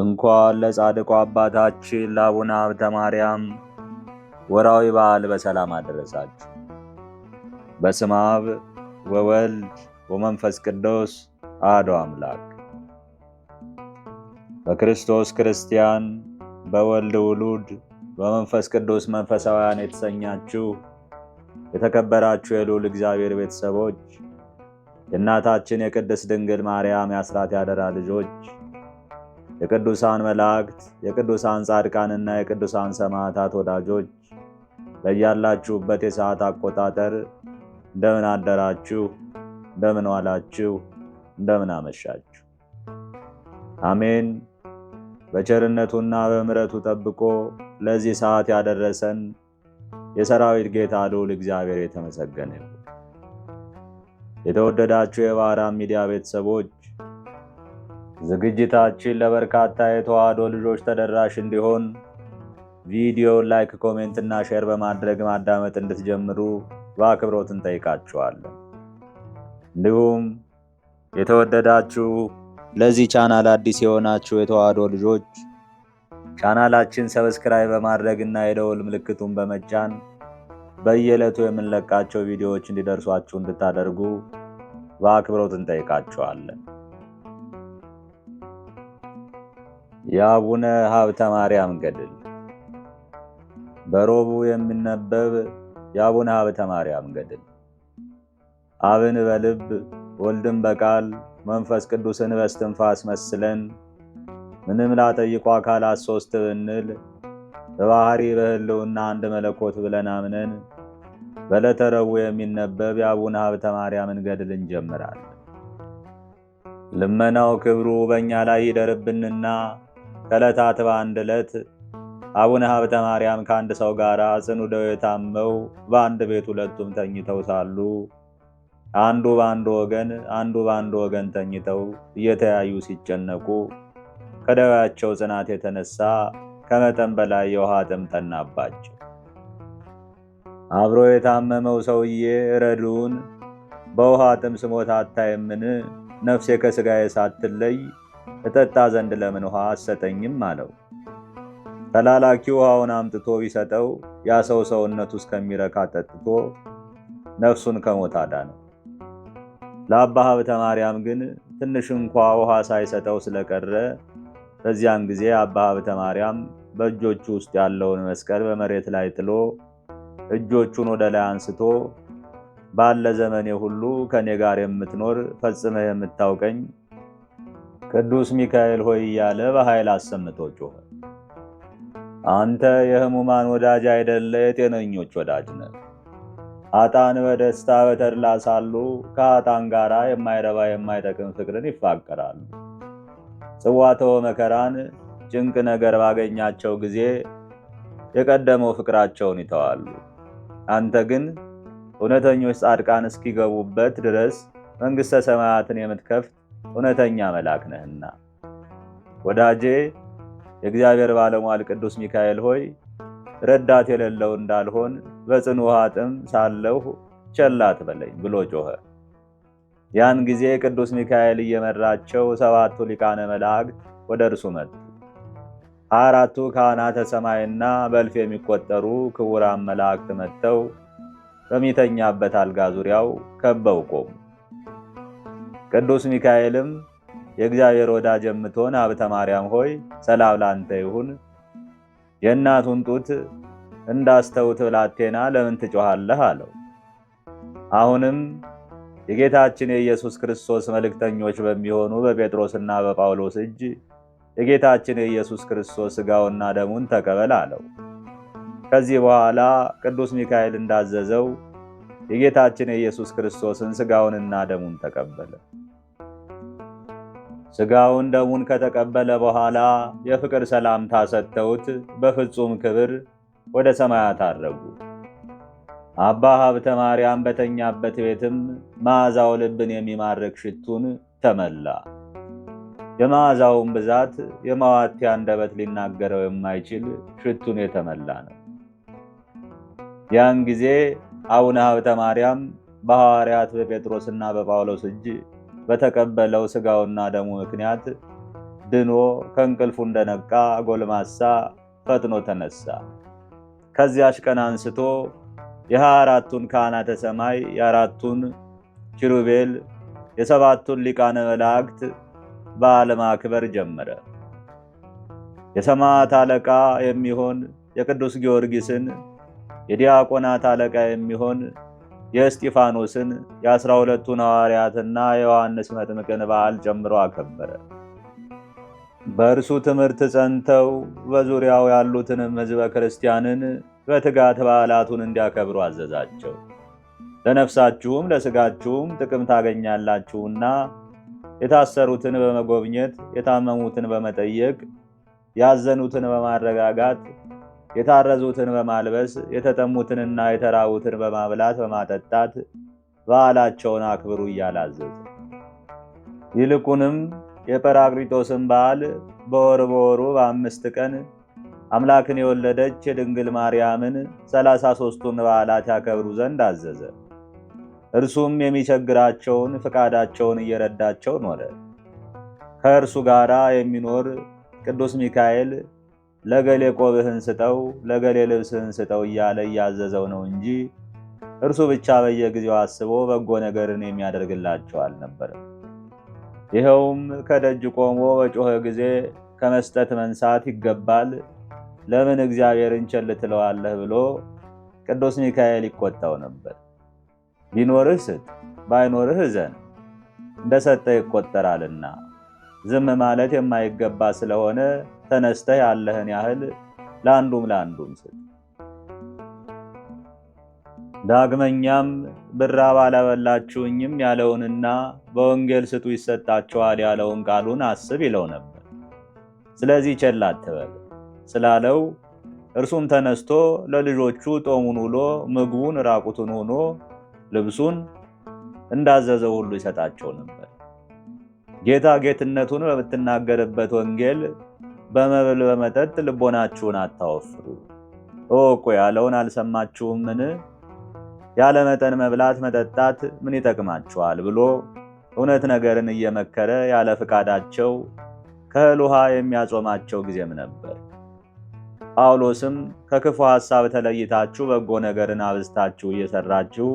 እንኳን ለጻድቁ አባታችን ለአቡነ አብተ ማርያም ወራዊ በዓል በሰላም አደረሳችሁ። በስመ አብ ወወልድ ወመንፈስ ቅዱስ አሐዱ አምላክ። በክርስቶስ ክርስቲያን፣ በወልድ ውሉድ፣ በመንፈስ ቅዱስ መንፈሳውያን የተሰኛችሁ የተከበራችሁ የልዑል እግዚአብሔር ቤተሰቦች የእናታችን የቅድስት ድንግል ማርያም የአስራት ያደራ ልጆች የቅዱሳን መላእክት የቅዱሳን ጻድቃንና የቅዱሳን ሰማዕታት ወዳጆች በያላችሁበት የሰዓት አቆጣጠር እንደምን አደራችሁ፣ እንደምን ዋላችሁ፣ እንደምን አመሻችሁ። አሜን። በቸርነቱና በምሕረቱ ጠብቆ ለዚህ ሰዓት ያደረሰን የሰራዊት ጌታ ልዑል እግዚአብሔር የተመሰገነ የተወደዳችሁ የባህራም ሚዲያ ቤተሰቦች ዝግጅታችን ለበርካታ የተዋህዶ ልጆች ተደራሽ እንዲሆን ቪዲዮውን ላይክ፣ ኮሜንት እና ሼር በማድረግ ማዳመጥ እንድትጀምሩ በአክብሮት እንጠይቃችኋለን። እንዲሁም የተወደዳችሁ ለዚህ ቻናል አዲስ የሆናችሁ የተዋህዶ ልጆች ቻናላችን ሰብስክራይብ በማድረግ እና የደውል ምልክቱን በመጫን በየዕለቱ የምንለቃቸው ቪዲዮዎች እንዲደርሷችሁ እንድታደርጉ በአክብሮት እንጠይቃችኋለን። የአቡነ ሀብተ ማርያም ገድል በረቡዕ የሚነበብ የአቡነ ሀብተ ማርያም ገድል አብን በልብ ወልድን በቃል መንፈስ ቅዱስን በስትንፋስ መስለን ምንም ላጠይቁ አካላት ሶስት ብንል በባህሪ በህልውና አንድ መለኮት ብለን አምነን በዕለተ ረቡዕ የሚነበብ የአቡነ ሀብተ ማርያምን ገድል እንጀምራለን። ልመናው ክብሩ በእኛ ላይ ይደርብንና ከዕለታት በአንድ ዕለት አቡነ ሀብተ ማርያም ከአንድ ሰው ጋር ጽኑ ደዌ ታመው በአንድ ቤት ሁለቱም ተኝተው ሳሉ አንዱ በአንድ ወገን አንዱ በአንድ ወገን ተኝተው እየተያዩ ሲጨነቁ ከደዌያቸው ጽናት የተነሳ ከመጠን በላይ የውሃ ጥም ጠናባቸው። አብሮ የታመመው ሰውዬ ረድኡን በውሃ ጥም ስሞት አታይምን? ነፍሴ ከሥጋዬ ሳትለይ እጠጣ ዘንድ ለምን ውሃ አትሰጠኝም አለው። ተላላኪ ውሃውን አምጥቶ ቢሰጠው ያ ሰው ሰውነቱ እስከሚረካ ጠጥቶ ነፍሱን ከሞት አዳነው። ለአባ ሐብተ ማርያም ግን ትንሽ እንኳ ውሃ ሳይሰጠው ስለቀረ በዚያን ጊዜ አባ ሐብተ ማርያም በእጆቹ ውስጥ ያለውን መስቀል በመሬት ላይ ጥሎ እጆቹን ወደ ላይ አንስቶ ባለ ዘመኔ ሁሉ ከእኔ ጋር የምትኖር ፈጽመህ የምታውቀኝ ቅዱስ ሚካኤል ሆይ እያለ በኃይል አሰምቶ ጮኸ። አንተ የሕሙማን ወዳጅ አይደለ፣ የጤነኞች ወዳጅ ነህ። አጣን በደስታ በተድላ ሳሉ ከአጣን ጋር የማይረባ የማይጠቅም ፍቅርን ይፋቀራሉ። ጽዋተው መከራን ጭንቅ ነገር ባገኛቸው ጊዜ የቀደመው ፍቅራቸውን ይተዋሉ። አንተ ግን እውነተኞች ጻድቃን እስኪገቡበት ድረስ መንግሥተ ሰማያትን የምትከፍት እውነተኛ መልአክ ነህና። ወዳጄ የእግዚአብሔር ባለሟል ቅዱስ ሚካኤል ሆይ ረዳት የሌለው እንዳልሆን በጽኑ ኃጥእ ሳለሁ ቸል አትበለኝ ብሎ ጮኸ። ያን ጊዜ ቅዱስ ሚካኤል እየመራቸው ሰባቱ ሊቃነ መላእክት ወደ እርሱ መጡ። አራቱ ካህናተ ሰማይና በእልፍ የሚቆጠሩ ክቡራን መላእክት መጥተው በሚተኛበት አልጋ ዙሪያው ከበው ቆሙ። ቅዱስ ሚካኤልም የእግዚአብሔር ወዳጅ የምትሆን ሀብተ ማርያም ሆይ ሰላም ላንተ ይሁን። የእናቱን ጡት እንዳስተውት ብላቴና ለምን ትጮሃለህ? አለው። አሁንም የጌታችን የኢየሱስ ክርስቶስ መልእክተኞች በሚሆኑ በጴጥሮስና በጳውሎስ እጅ የጌታችን የኢየሱስ ክርስቶስ ሥጋውና ደሙን ተቀበል አለው። ከዚህ በኋላ ቅዱስ ሚካኤል እንዳዘዘው የጌታችን የኢየሱስ ክርስቶስን ሥጋውንና ደሙን ተቀበለ። ሥጋውን ደሙን ከተቀበለ በኋላ የፍቅር ሰላምታ ሰጥተውት በፍጹም ክብር ወደ ሰማያት አረጉ። አባ ሀብተ ማርያም በተኛበት ቤትም መዓዛው ልብን የሚማርክ ሽቱን ተመላ። የመዓዛውን ብዛት የማዋቴያ አንደበት ሊናገረው የማይችል ሽቱን የተመላ ነው። ያን ጊዜ አቡነ ሀብተ ማርያም በሐዋርያት በጴጥሮስና በጳውሎስ እጅ በተቀበለው ስጋውና ደሙ ምክንያት ድኖ ከእንቅልፉ እንደነቃ ጎልማሳ ፈጥኖ ተነሳ። ከዚያች ቀን አንስቶ የሃያ አራቱን ካህናተ ሰማይ የአራቱን ኪሩቤል የሰባቱን ሊቃነ መላእክት በዓል ማክበር ጀመረ። የሰማዕት አለቃ የሚሆን የቅዱስ ጊዮርጊስን፣ የዲያቆናት አለቃ የሚሆን የእስጢፋኖስን የአስራ ሁለቱን ሐዋርያትና የዮሐንስ መጥምቅን በዓል ጨምሮ አከበረ። በእርሱ ትምህርት ጸንተው በዙሪያው ያሉትንም ሕዝበ ክርስቲያንን በትጋት በዓላቱን እንዲያከብሩ አዘዛቸው። ለነፍሳችሁም ለሥጋችሁም ጥቅም ታገኛላችሁና የታሰሩትን በመጎብኘት የታመሙትን በመጠየቅ ያዘኑትን በማረጋጋት የታረዙትን በማልበስ የተጠሙትንና የተራቡትን በማብላት በማጠጣት በዓላቸውን አክብሩ እያለ አዘዘ። ይልቁንም የጰራቅሊጦስን በዓል በወር በወሩ በአምስት ቀን አምላክን የወለደች የድንግል ማርያምን ሰላሳ ሦስቱን በዓላት ያከብሩ ዘንድ አዘዘ። እርሱም የሚቸግራቸውን ፈቃዳቸውን እየረዳቸው ኖረ። ከእርሱ ጋር የሚኖር ቅዱስ ሚካኤል ለገሌ ቆብህን ስጠው፣ ለገሌ ልብስህን ስጠው እያለ እያዘዘው ነው እንጂ እርሱ ብቻ በየጊዜው አስቦ በጎ ነገርን የሚያደርግላቸው አልነበረም። ይኸውም ከደጅ ቆሞ በጮኸ ጊዜ ከመስጠት መንሳት ይገባል፣ ለምን እግዚአብሔርን ቸል ትለዋለህ ብሎ ቅዱስ ሚካኤል ይቆጣው ነበር። ቢኖርህ ስጥ፣ ባይኖርህ እዘን፣ እንደሰጠ ይቆጠራልና ዝም ማለት የማይገባ ስለሆነ ተነስተህ ያለህን ያህል ለአንዱም ለአንዱም ስጥ። ዳግመኛም ብራ ባላበላችሁኝም ያለውንና በወንጌል ስጡ ይሰጣችኋል ያለውን ቃሉን አስብ ይለው ነበር። ስለዚህ ቸል አትበል ስላለው እርሱም ተነስቶ ለልጆቹ ጦሙን ውሎ ምግቡን ራቁቱን ሆኖ ልብሱን እንዳዘዘው ሁሉ ይሰጣቸው ነበር። ጌታ ጌትነቱን በምትናገርበት ወንጌል በመብል በመጠጥ ልቦናችሁን አታወፍሩ። እወቁ ያለውን አልሰማችሁምን? ያለ መጠን መብላት መጠጣት ምን ይጠቅማችኋል? ብሎ እውነት ነገርን እየመከረ ያለ ፍቃዳቸው ከእህል ውሃ የሚያጾማቸው ጊዜም ነበር። ጳውሎስም ከክፉ ሐሳብ ተለይታችሁ በጎ ነገርን አብዝታችሁ እየሰራችሁ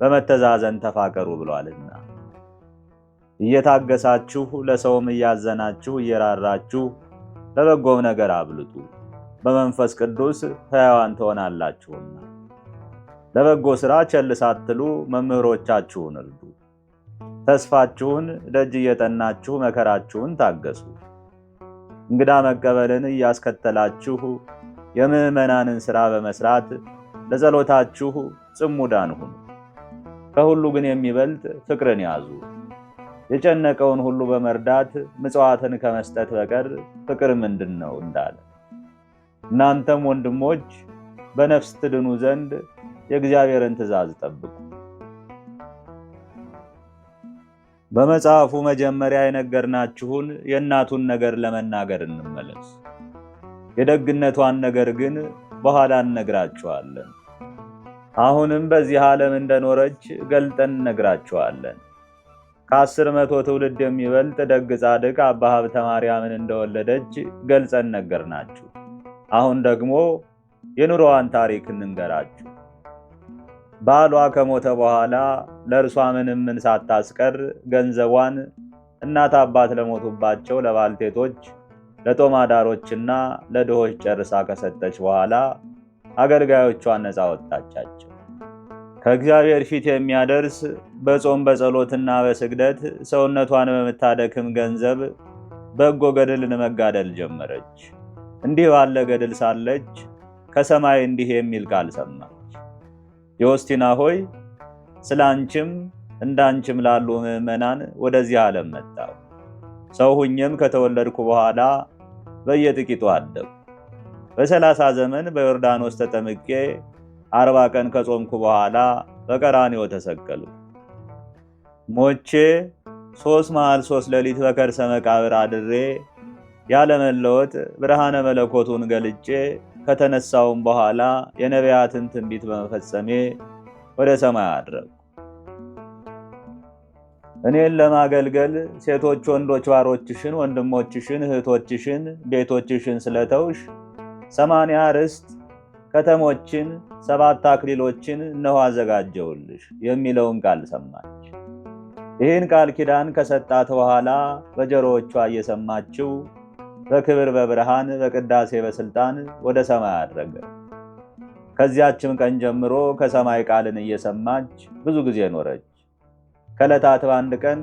በመተዛዘን ተፋቀሩ ብሏልና እየታገሳችሁ ለሰውም እያዘናችሁ እየራራችሁ ለበጎም ነገር አብልጡ፣ በመንፈስ ቅዱስ ሕያዋን ትሆናላችሁና። ለበጎ ሥራ ቸል ሳትሉ መምህሮቻችሁን እርዱ። ተስፋችሁን ደጅ እየጠናችሁ መከራችሁን ታገሱ። እንግዳ መቀበልን እያስከተላችሁ የምዕመናንን ሥራ በመሥራት ለጸሎታችሁ ጽሙዳን ሁኑ። ከሁሉ ግን የሚበልጥ ፍቅርን ያዙ። የጨነቀውን ሁሉ በመርዳት ምጽዋትን ከመስጠት በቀር ፍቅር ምንድን ነው እንዳለ እናንተም ወንድሞች በነፍስ ትድኑ ዘንድ የእግዚአብሔርን ትእዛዝ ጠብቁ። በመጽሐፉ መጀመሪያ የነገርናችሁን የእናቱን ነገር ለመናገር እንመለስ። የደግነቷን ነገር ግን በኋላ እንነግራችኋለን። አሁንም በዚህ ዓለም እንደኖረች ገልጠን እነግራችኋለን። ከአስር መቶ ትውልድ የሚበልጥ ደግ ጻድቅ አባ ሀብተ ማርያምን እንደወለደች ገልጸን ነገርናችሁ። አሁን ደግሞ የኑሮዋን ታሪክ እንንገራችሁ። ባሏ ከሞተ በኋላ ለእርሷ ምንም ምን ሳታስቀር ገንዘቧን እናት አባት ለሞቱባቸው ለባልቴቶች፣ ለጦማዳሮችና ለድሆች ጨርሳ ከሰጠች በኋላ አገልጋዮቿን ነፃ ወጣቻቸው። ከእግዚአብሔር ፊት የሚያደርስ በጾም በጸሎትና በስግደት ሰውነቷን በምታደክም ገንዘብ በጎ ገድልን መጋደል ጀመረች። እንዲህ ባለ ገድል ሳለች ከሰማይ እንዲህ የሚል ቃል ሰማች። ዮስቲና ሆይ ስለ አንቺም እንዳንቺም ላሉ ምዕመናን ወደዚህ ዓለም መጣው ሰው ሁኜም ከተወለድኩ በኋላ በየጥቂቱ አለው። በሰላሳ ዘመን በዮርዳኖስ ተጠምቄ አርባ ቀን ከጾምኩ በኋላ በቀራንዮ ተሰቀሉ። ሞቼ ሶስት መዓል ሶስት ሌሊት በከርሰ መቃብር አድሬ ያለመለወጥ ብርሃነ መለኮቱን ገልጬ ከተነሳውም በኋላ የነቢያትን ትንቢት በመፈጸሜ ወደ ሰማይ አድረጉ። እኔን ለማገልገል ሴቶች ወንዶች ባሮችሽን፣ ወንድሞችሽን፣ እህቶችሽን፣ ቤቶችሽን ስለተውሽ ሰማንያ ርስት ከተሞችን ሰባት አክሊሎችን እነሆ አዘጋጀውልሽ የሚለውን ቃል ሰማች። ይህን ቃል ኪዳን ከሰጣት በኋላ በጆሮዎቿ እየሰማችው በክብር በብርሃን በቅዳሴ በስልጣን ወደ ሰማይ አድረገ። ከዚያችም ቀን ጀምሮ ከሰማይ ቃልን እየሰማች ብዙ ጊዜ ኖረች። ከዕለታት በአንድ ቀን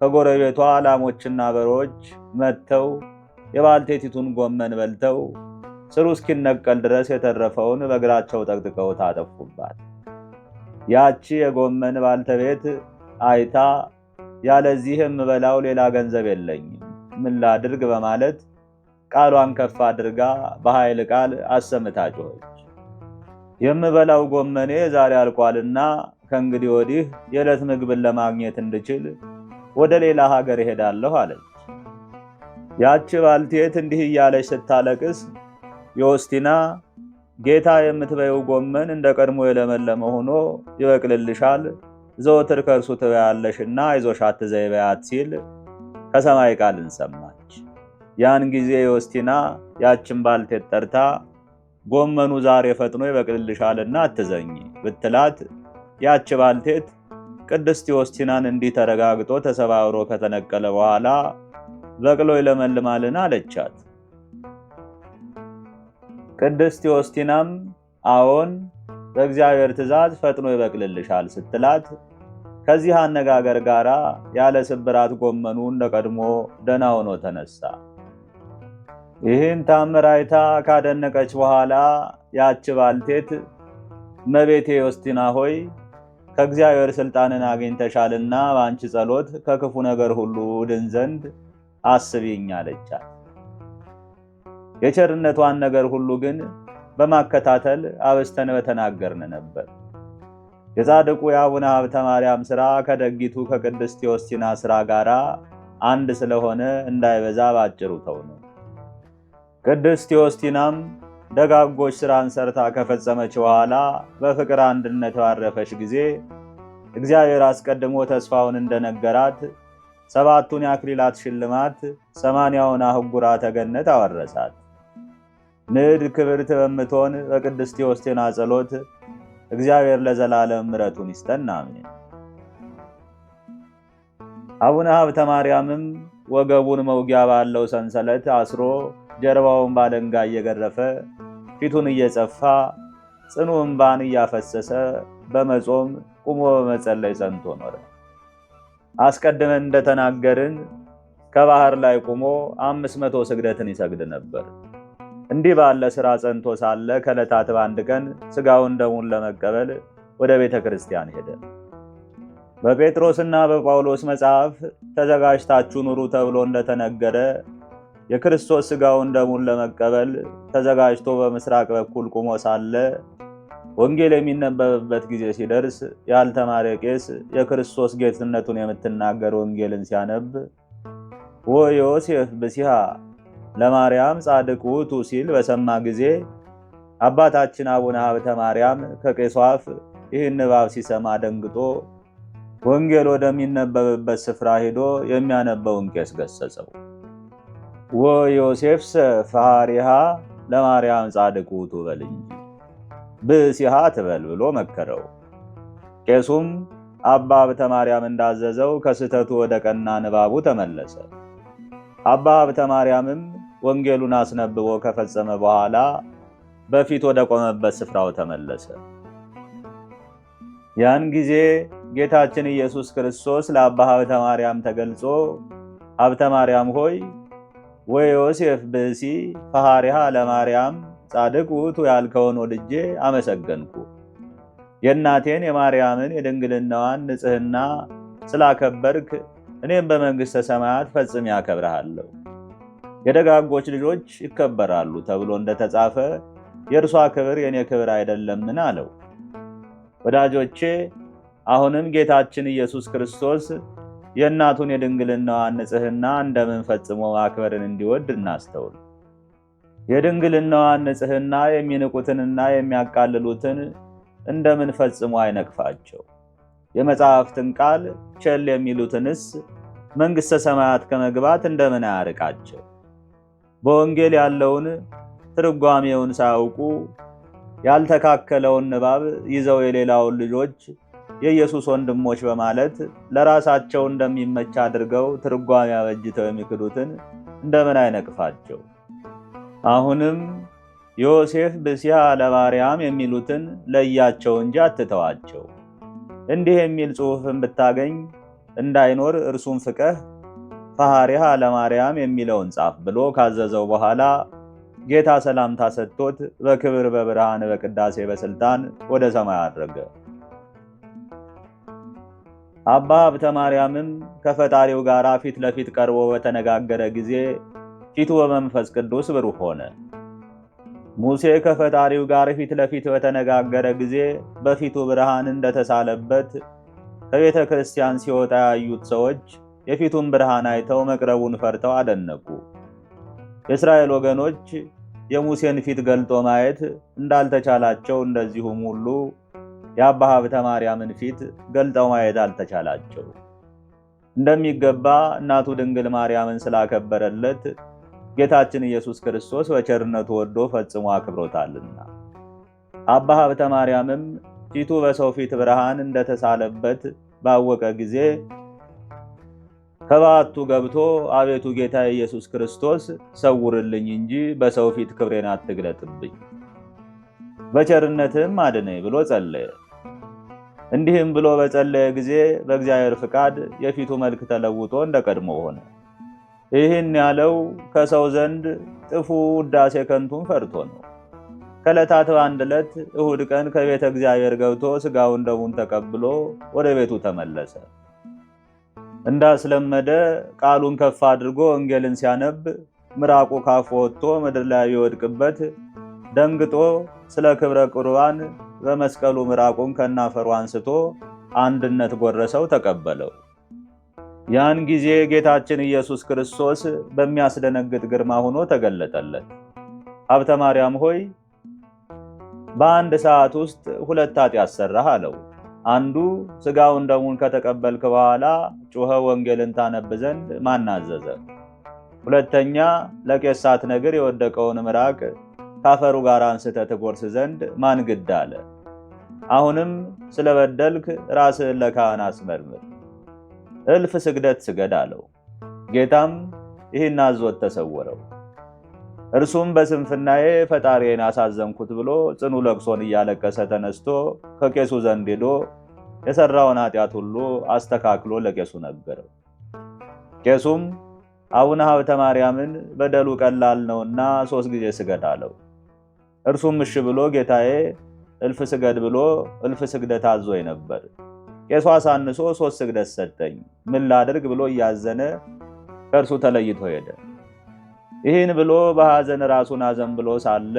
ከጎረቤቷ ላሞችና በሮች መጥተው የባልቴቲቱን ጎመን በልተው ስሩ እስኪነቀል ድረስ የተረፈውን በእግራቸው ጠቅጥቀው ታጠፉባት። ያቺ የጎመን ባልተቤት አይታ ያለዚህ የምበላው ሌላ ገንዘብ የለኝም ምን ላድርግ በማለት ቃሏን ከፍ አድርጋ በኃይል ቃል አሰምታ ጮኸች። የምበላው ጎመኔ ዛሬ አልቋልና ከእንግዲህ ወዲህ የዕለት ምግብን ለማግኘት እንድችል ወደ ሌላ ሀገር እሄዳለሁ አለች። ያች ባልቴት እንዲህ እያለች ስታለቅስ ዮስቲና ጌታ የምትበይው ጎመን እንደ ቀድሞ የለመለመ ሆኖ ይበቅልልሻል፣ ዘወትር ከእርሱ ትበያለሽና አይዞሽ አትዘይ በያት ሲል ከሰማይ ቃልን ሰማች። ያን ጊዜ ዮስቲና ያችን ባልቴት ጠርታ ጎመኑ ዛሬ ፈጥኖ ይበቅልልሻልና አትዘኝ ብትላት ያች ባልቴት ቅድስት ዮስቲናን እንዲህ ተረጋግጦ ተሰባብሮ ከተነቀለ በኋላ በቅሎ ይለመልማልን አለቻት። ቅድስት ቴዎስቲናም አዎን በእግዚአብሔር ትእዛዝ ፈጥኖ ይበቅልልሻል ስትላት ከዚህ አነጋገር ጋር ያለ ስብራት ጎመኑ እንደቀድሞ ቀድሞ ደህና ሆኖ ተነሳ። ይህን ታምር አይታ ካደነቀች በኋላ ያች ባልቴት መቤቴ ዮስቲና ሆይ ከእግዚአብሔር ስልጣንን አግኝተሻልና በአንቺ ጸሎት ከክፉ ነገር ሁሉ ድን ዘንድ አስቢኝ አለቻት። የቸርነቷን ነገር ሁሉ ግን በማከታተል አበስተን በተናገርን ነበር። የጻድቁ የአቡነ ሀብተ ማርያም ሥራ ከደጊቱ ከቅድስት ዮስቲና ሥራ ጋር አንድ ስለሆነ እንዳይበዛ ባጭሩ ተው ነው። ቅድስት ዮስቲናም ደጋጎች ሥራን ሰርታ ከፈጸመች በኋላ በፍቅር አንድነት ባረፈች ጊዜ እግዚአብሔር አስቀድሞ ተስፋውን እንደነገራት ሰባቱን የአክሊላት ሽልማት ሰማንያውን አህጉራተ ገነት አወረሳት። ንድ ክብርት በምትሆን በቅድስት ዮስቴና ጸሎት እግዚአብሔር ለዘላለም ምረቱን ይስጠን። አሜን። አቡነ ሀብተ ማርያምም ወገቡን መውጊያ ባለው ሰንሰለት አስሮ ጀርባውን ባለንጋ እየገረፈ ፊቱን እየጸፋ ጽኑ እምባን እያፈሰሰ በመጾም ቁሞ በመጸለይ ጸንቶ ኖረ። አስቀድመን እንደተናገርን ከባህር ላይ ቁሞ አምስት መቶ ስግደትን ይሰግድ ነበር። እንዲህ ባለ ሥራ ጸንቶ ሳለ ከዕለታት በአንድ ቀን ሥጋውን ደሙን ለመቀበል ወደ ቤተ ክርስቲያን ሄደ። በጴጥሮስና በጳውሎስ መጽሐፍ ተዘጋጅታችሁ ኑሩ ተብሎ እንደተነገረ የክርስቶስ ሥጋውን ደሙን ለመቀበል ተዘጋጅቶ በምስራቅ በኩል ቁሞ ሳለ ወንጌል የሚነበብበት ጊዜ ሲደርስ ያልተማረ ቄስ የክርስቶስ ጌትነቱን የምትናገር ወንጌልን ሲያነብ ወዮሴፍ ዮሴፍ ብሲሃ ለማርያም ጻድቅ ውእቱ ሲል በሰማ ጊዜ አባታችን አቡነ ሀብተ ማርያም ከቄሱ አፍ ይህን ንባብ ሲሰማ ደንግጦ ወንጌል ወደሚነበብበት ስፍራ ሄዶ የሚያነበውን ቄስ ገሰጸው። ዮሴፍስ ፈሃሪሃ ለማርያም ጻድቅ ውእቱ በልኝ ብእሲሃ ትበል ብሎ መከረው። ቄሱም አባ ሀብተ ማርያም እንዳዘዘው ከስህተቱ ወደ ቀና ንባቡ ተመለሰ። አባ ሀብተ ማርያምም ወንጌሉን አስነብቦ ከፈጸመ በኋላ በፊት ወደ ቆመበት ስፍራው ተመለሰ። ያን ጊዜ ጌታችን ኢየሱስ ክርስቶስ ለአባ ሀብተ ማርያም ተገልጾ ሀብተ ማርያም ሆይ ዮሴፍ ብእሲ ፈሃሪሃ ለማርያም ጻድቅ ውቱ ያልከውን ወድጄ አመሰገንኩ። የእናቴን የማርያምን የድንግልናዋን ንጽህና ስላከበርክ እኔም በመንግሥተ ሰማያት ፈጽሜ አከብረሃለሁ። የደጋጎች ልጆች ይከበራሉ ተብሎ እንደተጻፈ የእርሷ ክብር የእኔ ክብር አይደለምን? አለው። ወዳጆቼ አሁንም ጌታችን ኢየሱስ ክርስቶስ የእናቱን የድንግልናዋን ንጽህና እንደምን ፈጽሞ ማክበርን እንዲወድ እናስተውል። የድንግልናዋን ንጽህና የሚንቁትንና የሚያቃልሉትን እንደምን ፈጽሞ አይነቅፋቸው። የመጽሐፍትን ቃል ቸል የሚሉትንስ መንግሥተ ሰማያት ከመግባት እንደምን አያርቃቸው። በወንጌል ያለውን ትርጓሜውን ሳያውቁ ያልተካከለውን ንባብ ይዘው የሌላውን ልጆች የኢየሱስ ወንድሞች በማለት ለራሳቸው እንደሚመች አድርገው ትርጓሜ አበጅተው የሚክዱትን እንደምን አይነቅፋቸው? አሁንም ዮሴፍ ብሲያ ለማርያም የሚሉትን ለያቸው እንጂ አትተዋቸው። እንዲህ የሚል ጽሑፍን ብታገኝ እንዳይኖር እርሱን ፍቀህ ፈሐሪሃ ለማርያም የሚለውን ጻፍ ብሎ ካዘዘው በኋላ ጌታ ሰላምታ ሰጥቶት በክብር በብርሃን በቅዳሴ በስልጣን ወደ ሰማይ አድረገ። አባ ሀብተ ማርያምም ከፈጣሪው ጋር ፊት ለፊት ቀርቦ በተነጋገረ ጊዜ ፊቱ በመንፈስ ቅዱስ ብሩህ ሆነ። ሙሴ ከፈጣሪው ጋር ፊት ለፊት በተነጋገረ ጊዜ በፊቱ ብርሃን እንደተሳለበት ከቤተ ክርስቲያን ሲወጣ ያዩት ሰዎች የፊቱን ብርሃን አይተው መቅረቡን ፈርተው አደነቁ። የእስራኤል ወገኖች የሙሴን ፊት ገልጦ ማየት እንዳልተቻላቸው እንደዚሁም ሁሉ የአባ ሐብተ ማርያምን ፊት ገልጠው ማየት አልተቻላቸው። እንደሚገባ እናቱ ድንግል ማርያምን ስላከበረለት ጌታችን ኢየሱስ ክርስቶስ በቸርነቱ ወዶ ፈጽሞ አክብሮታልና አባ ሐብተ ማርያምም ፊቱ በሰው ፊት ብርሃን እንደተሳለበት ባወቀ ጊዜ ህባቱ ገብቶ አቤቱ ጌታ ኢየሱስ ክርስቶስ ሰውርልኝ እንጂ በሰው ፊት ክብሬን አትግለጥብኝ፣ በቸርነትም አድነኝ ብሎ ጸለየ። እንዲህም ብሎ በጸለየ ጊዜ በእግዚአብሔር ፍቃድ የፊቱ መልክ ተለውጦ እንደቀድሞ ሆነ። ይህን ያለው ከሰው ዘንድ ጥፉ ውዳሴ ከንቱን ፈርቶ ነው። ከዕለታት በአንድ ዕለት እሁድ ቀን ከቤተ እግዚአብሔር ገብቶ ሥጋውን ደሙን ተቀብሎ ወደ ቤቱ ተመለሰ። እንዳስለመደ ቃሉን ከፍ አድርጎ ወንጌልን ሲያነብ ምራቁ ካፉ ወጥቶ ምድር ላይ ቢወድቅበት ደንግጦ ስለ ክብረ ቁርባን በመስቀሉ ምራቁን ከናፈሩ አንስቶ አንድነት ጎረሰው፣ ተቀበለው። ያን ጊዜ ጌታችን ኢየሱስ ክርስቶስ በሚያስደነግጥ ግርማ ሆኖ ተገለጠለት። ሀብተ ማርያም ሆይ በአንድ ሰዓት ውስጥ ሁለት ኃጢአት ሰራህ አለው። አንዱ ስጋውን ደሙን ከተቀበልክ በኋላ ጩኸ ወንጌልን ታነብ ዘንድ ማናዘዘ። ሁለተኛ ለቄሳት ነገር የወደቀውን ምራቅ ካፈሩ ጋር አንስተ ትጎርስ ዘንድ ማንግድ አለ። አሁንም ስለበደልክ ራስህን ለካህን አስመርምር፣ እልፍ ስግደት ስገድ አለው። ጌታም ይህን አዞት ተሰወረው። እርሱም በስንፍናዬ ፈጣሪን አሳዘንኩት ብሎ ጽኑ ለቅሶን እያለቀሰ ተነስቶ ከቄሱ ዘንድ ሄዶ የሰራውን ኃጢአት ሁሉ አስተካክሎ ለቄሱ ነገረው። ቄሱም አቡነ ሀብተ ማርያምን በደሉ ቀላል ነውና ሶስት ጊዜ ስገድ አለው። እርሱም እሺ ብሎ ጌታዬ እልፍ ስገድ ብሎ እልፍ ስግደት አዞኝ ነበር፣ ቄሱ አሳንሶ ሶስት ስግደት ሰጠኝ፣ ምን ላድርግ ብሎ እያዘነ ከእርሱ ተለይቶ ሄደ። ይህን ብሎ በሐዘን ራሱን አዘን ብሎ ሳለ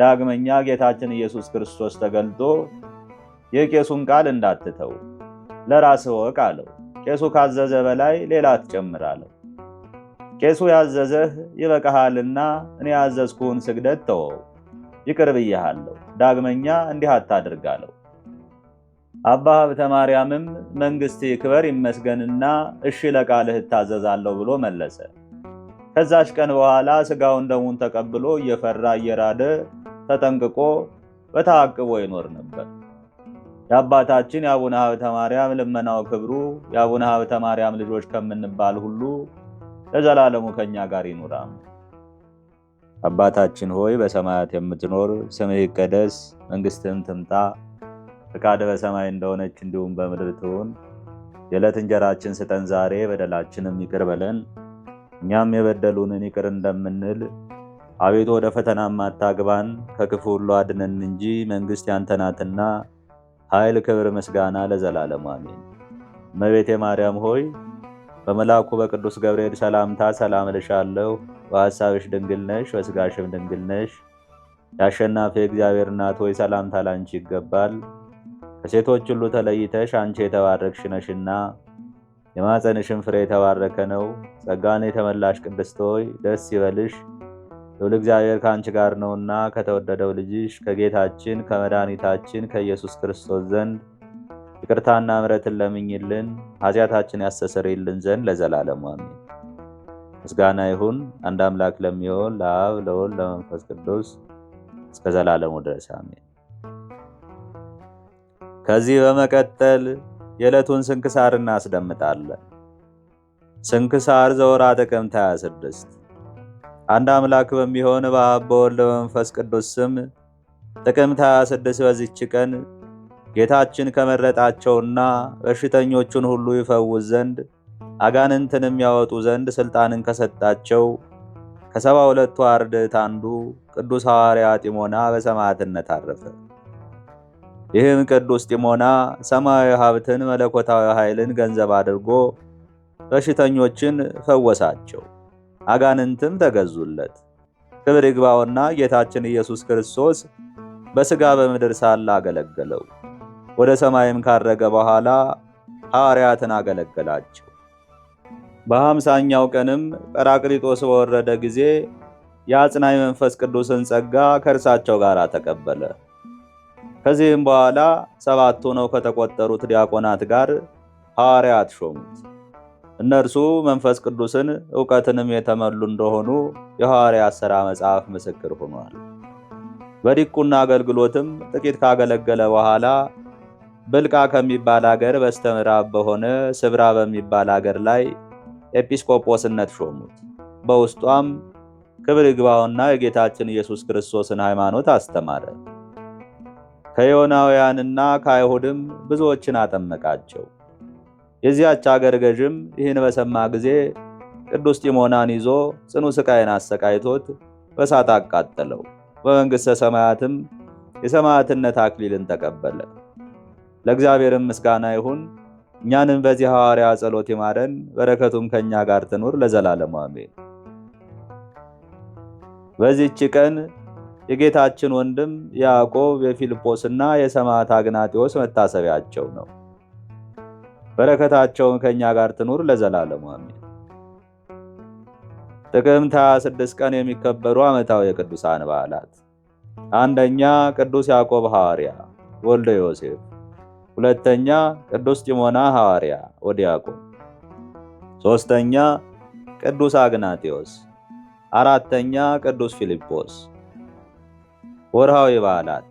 ዳግመኛ ጌታችን ኢየሱስ ክርስቶስ ተገልጦ የቄሱን ቃል እንዳትተው ለራስ ወቅ አለው። ቄሱ ካዘዘ በላይ ሌላ አትጨምር አለው። ቄሱ ያዘዘህ ይበቃሃልና እኔ ያዘዝኩህን ስግደት ተወው፣ ይቅር ዳግመኛ እንዲህ አታድርግ አለው። አባ ሀብተ ማርያምም መንግሥት ክበር ይመስገንና እሺ ለቃልህ እታዘዛለሁ ብሎ መለሰ። ከዛች ቀን በኋላ ስጋውን ደሙን ተቀብሎ እየፈራ እየራደ ተጠንቅቆ በታቅቦ ይኖር ነበር። የአባታችን የአቡነ ሀብተ ማርያም ልመናው ክብሩ የአቡነ ሀብተ ማርያም ልጆች ከምንባል ሁሉ ለዘላለሙ ከኛ ጋር ይኑር። አባታችን ሆይ በሰማያት የምትኖር፣ ስምህ ይቀደስ፣ መንግሥትህም ትምጣ፣ ፈቃድህ በሰማይ እንደሆነች እንዲሁም በምድር ትሁን። የዕለት እንጀራችን ስጠን ዛሬ፣ በደላችንም ይቅር በለን እኛም የበደሉንን ይቅር እንደምንል አቤቱ ወደ ፈተናም አታግባን፣ ከክፉ ሁሉ አድነን እንጂ መንግሥት ያንተናትና ኃይል፣ ክብር፣ ምስጋና ለዘላለሙ አሜን። እመቤቴ ማርያም ሆይ በመልአኩ በቅዱስ ገብርኤል ሰላምታ ሰላም እልሻለሁ። በሐሳብሽ ድንግል ነሽ፣ በሥጋሽም ድንግል ነሽ። የአሸናፊ እግዚአብሔር እናት ሆይ ሰላምታ ላንቺ ይገባል። ከሴቶች ሁሉ ተለይተሽ አንቺ የተባረክሽ ነሽና የማኅፀንሽም ፍሬ የተባረከ ነው። ጸጋን የተመላሽ ቅድስት ሆይ ደስ ይበልሽ፣ ልዑል እግዚአብሔር ከአንቺ ጋር ነውና ከተወደደው ልጅሽ ከጌታችን ከመድኃኒታችን ከኢየሱስ ክርስቶስ ዘንድ ይቅርታና ምሕረትን ለምኝልን ኃጢአታችን ያስተሰርይልን ዘንድ ለዘላለሙ አሜን። ምስጋና ይሁን አንድ አምላክ ለሚሆን ለአብ ለወልድ ለመንፈስ ቅዱስ እስከ ዘላለሙ ድረስ አሜን። ከዚህ በመቀጠል የዕለቱን ስንክሳር እናስደምጣለን። ስንክሳር ዘወርኃ ጥቅምት 26 አንድ አምላክ በሚሆን በአብ በወልድ በመንፈስ ቅዱስ ስም ጥቅምት 26 በዚች ቀን ጌታችን ከመረጣቸውና በሽተኞቹን ሁሉ ይፈውስ ዘንድ አጋንንትንም ያወጡ ዘንድ ሥልጣንን ከሰጣቸው ከሰባ ሁለቱ አርድእት አንዱ ቅዱስ ሐዋርያ ጢሞና በሰማዕትነት አረፈ። ይህም ቅዱስ ጢሞና ሰማያዊ ሀብትን መለኮታዊ ኃይልን ገንዘብ አድርጎ በሽተኞችን ፈወሳቸው፣ አጋንንትም ተገዙለት። ክብር ይግባውና ጌታችን ኢየሱስ ክርስቶስ በሥጋ በምድር ሳለ አገለገለው። ወደ ሰማይም ካረገ በኋላ ሐዋርያትን አገለገላቸው። በሐምሳኛው ቀንም ጰራቅሊጦስ በወረደ ጊዜ የአጽናኝ መንፈስ ቅዱስን ጸጋ ከእርሳቸው ጋር ተቀበለ። ከዚህም በኋላ ሰባት ሆነው ከተቆጠሩት ዲያቆናት ጋር ሐዋርያት ሾሙት። እነርሱ መንፈስ ቅዱስን እውቀትንም የተመሉ እንደሆኑ የሐዋርያት ሥራ መጽሐፍ ምስክር ሆኗል። በዲቁና አገልግሎትም ጥቂት ካገለገለ በኋላ ብልቃ ከሚባል አገር በስተ ምዕራብ በሆነ ስብራ በሚባል አገር ላይ ኤጲስቆጶስነት ሾሙት። በውስጧም ክብር ይግባውና የጌታችን ኢየሱስ ክርስቶስን ሃይማኖት አስተማረ። ከዮናውያንና ከአይሁድም ብዙዎችን አጠመቃቸው። የዚያች አገር ገዥም ይህን በሰማ ጊዜ ቅዱስ ጢሞናን ይዞ ጽኑ ስቃይን አሰቃይቶት በሳት አቃጠለው። በመንግሥተ ሰማያትም የሰማዕትነት አክሊልን ተቀበለ። ለእግዚአብሔርም ምስጋና ይሁን። እኛንም በዚህ ሐዋርያ ጸሎት ይማረን፣ በረከቱም ከእኛ ጋር ትኑር ለዘላለሙ አሜን። በዚህች ቀን የጌታችን ወንድም ያዕቆብ የፊልጶስና የሰማዕት አግናጢዎስ መታሰቢያቸው ነው። በረከታቸውን ከእኛ ጋር ትኑር ለዘላለሙ አሜን። ጥቅምት 26 ቀን የሚከበሩ ዓመታዊ የቅዱሳን በዓላት፣ አንደኛ ቅዱስ ያዕቆብ ሐዋርያ ወልደ ዮሴፍ፣ ሁለተኛ ቅዱስ ጢሞና ሐዋርያ ወዲያቆን፣ ሦስተኛ ቅዱስ አግናጢዎስ፣ አራተኛ ቅዱስ ፊልጶስ ወርሃዊ በዓላት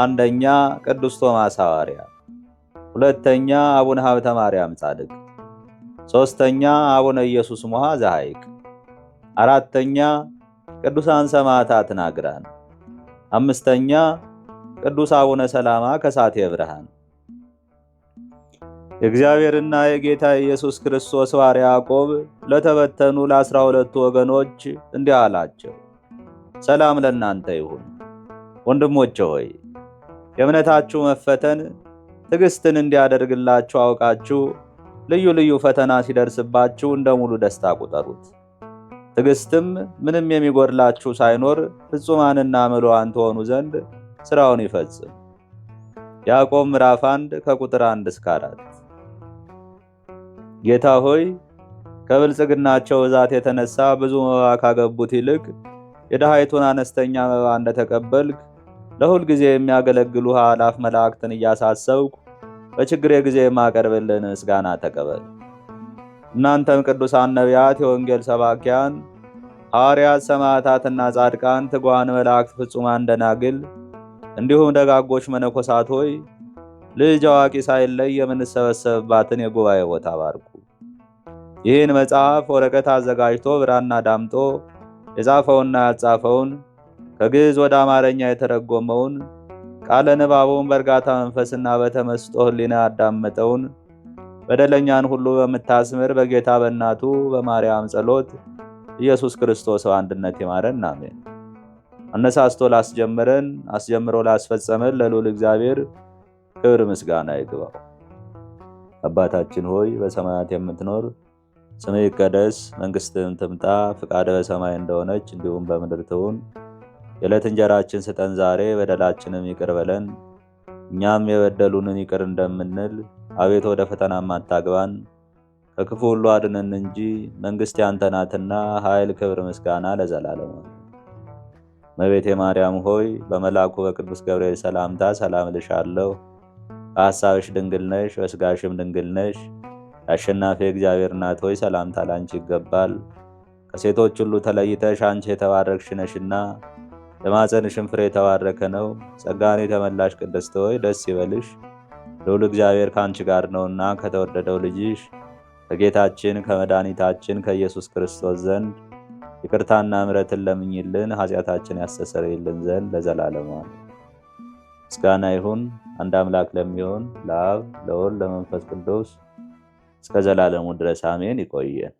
አንደኛ ቅዱስ ቶማስ ሐዋርያ፣ ሁለተኛ አቡነ ሀብተ ማርያም ጻድቅ፣ ሦስተኛ አቡነ ኢየሱስ ሞሃ ዘሐይቅ፣ አራተኛ ቅዱሳን ሰማዕታት ናግራን፣ አምስተኛ ቅዱስ አቡነ ሰላማ ከሳቴ ብርሃን። የእግዚአብሔርና የጌታ ኢየሱስ ክርስቶስ ባሪያ ያዕቆብ ለተበተኑ ለአስራ ሁለቱ ወገኖች እንዲህ አላቸው፣ ሰላም ለእናንተ ይሁን። ወንድሞቼ ሆይ የእምነታችሁ መፈተን ትዕግስትን እንዲያደርግላችሁ አውቃችሁ ልዩ ልዩ ፈተና ሲደርስባችሁ እንደ ሙሉ ደስታ ቁጠሩት። ትዕግስትም ምንም የሚጎድላችሁ ሳይኖር ፍጹማንና ምሉዋን ትሆኑ ዘንድ ሥራውን ይፈጽም። ያዕቆብ ምዕራፍ 1 ከቁጥር 1 እስከ 4። ጌታ ሆይ ከብልጽግናቸው ብዛት የተነሳ ብዙ መባ ካገቡት ይልቅ የድሃይቱን አነስተኛ መባ እንደተቀበልክ ለሁል ጊዜ የሚያገለግሉ ኃላፍ መላእክትን እያሳሰብኩ በችግሬ ጊዜ የማቀርብልን ምስጋና ተቀበል። እናንተም ቅዱሳን ነቢያት፣ የወንጌል ሰባኪያን ሐዋርያት፣ ሰማዕታትና ጻድቃን፣ ትጓን መላእክት፣ ፍጹማን ደናግል፣ እንዲሁም ደጋጎች መነኮሳት ሆይ ልጅ አዋቂ ሳይለይ የምንሰበሰብባትን የጉባኤ ቦታ ባርኩ። ይህን መጽሐፍ ወረቀት አዘጋጅቶ ብራና ዳምጦ የጻፈውና ያጻፈውን ከግዕዝ ወደ አማርኛ የተረጎመውን ቃለ ንባቡን በእርጋታ መንፈስና በተመስጦ ሕሊና ያዳመጠውን በደለኛን ሁሉ በምታስምር በጌታ በእናቱ በማርያም ጸሎት ኢየሱስ ክርስቶስ በአንድነት ይማረን፣ አሜን። አነሳስቶ ላስጀምረን አስጀምሮ ላስፈጸመን ለልዑል እግዚአብሔር ክብር ምስጋና ይግባው። አባታችን ሆይ በሰማያት የምትኖር ስምህ ይቀደስ፣ ትምጣ፣ ፍቃድህ በሰማይ እንደሆነች እንዲሁም በምድር ትሁን የዕለት እንጀራችን ስጠን ዛሬ፣ በደላችንም ይቅር በለን እኛም የበደሉንን ይቅር እንደምንል። አቤት ወደ ፈተና አታግባን፣ ከክፉ ሁሉ አድነን እንጂ መንግሥት ያንተ ናትና፣ ኃይል፣ ክብር፣ ምስጋና ለዘላለሙ። እመቤቴ ማርያም ሆይ በመልአኩ በቅዱስ ገብርኤል ሰላምታ ሰላም እልሻለሁ። በሐሳብሽ ድንግል ነሽ፣ በሥጋሽም ድንግል ነሽ። የአሸናፊ እግዚአብሔር እናት ሆይ ሰላምታ ላንቺ ይገባል። ከሴቶች ሁሉ ተለይተሽ አንቺ የተባረክሽ ነሽና የማኅፀንሽም ፍሬ የተባረከ ነው። ጸጋን የተመላሽ ቅድስት ሆይ ደስ ይበልሽ፣ ልዑል እግዚአብሔር ከአንቺ ጋር ነውና ከተወደደው ልጅሽ ከጌታችን ከመድኃኒታችን ከኢየሱስ ክርስቶስ ዘንድ ይቅርታና ምሕረትን ለምኝልን ኃጢአታችን ያስተሰርይልን ዘንድ ለዘላለሙ ምስጋና ይሁን። አንድ አምላክ ለሚሆን ለአብ ለወልድ ለመንፈስ ቅዱስ እስከ ዘላለሙ ድረስ አሜን። ይቆየን።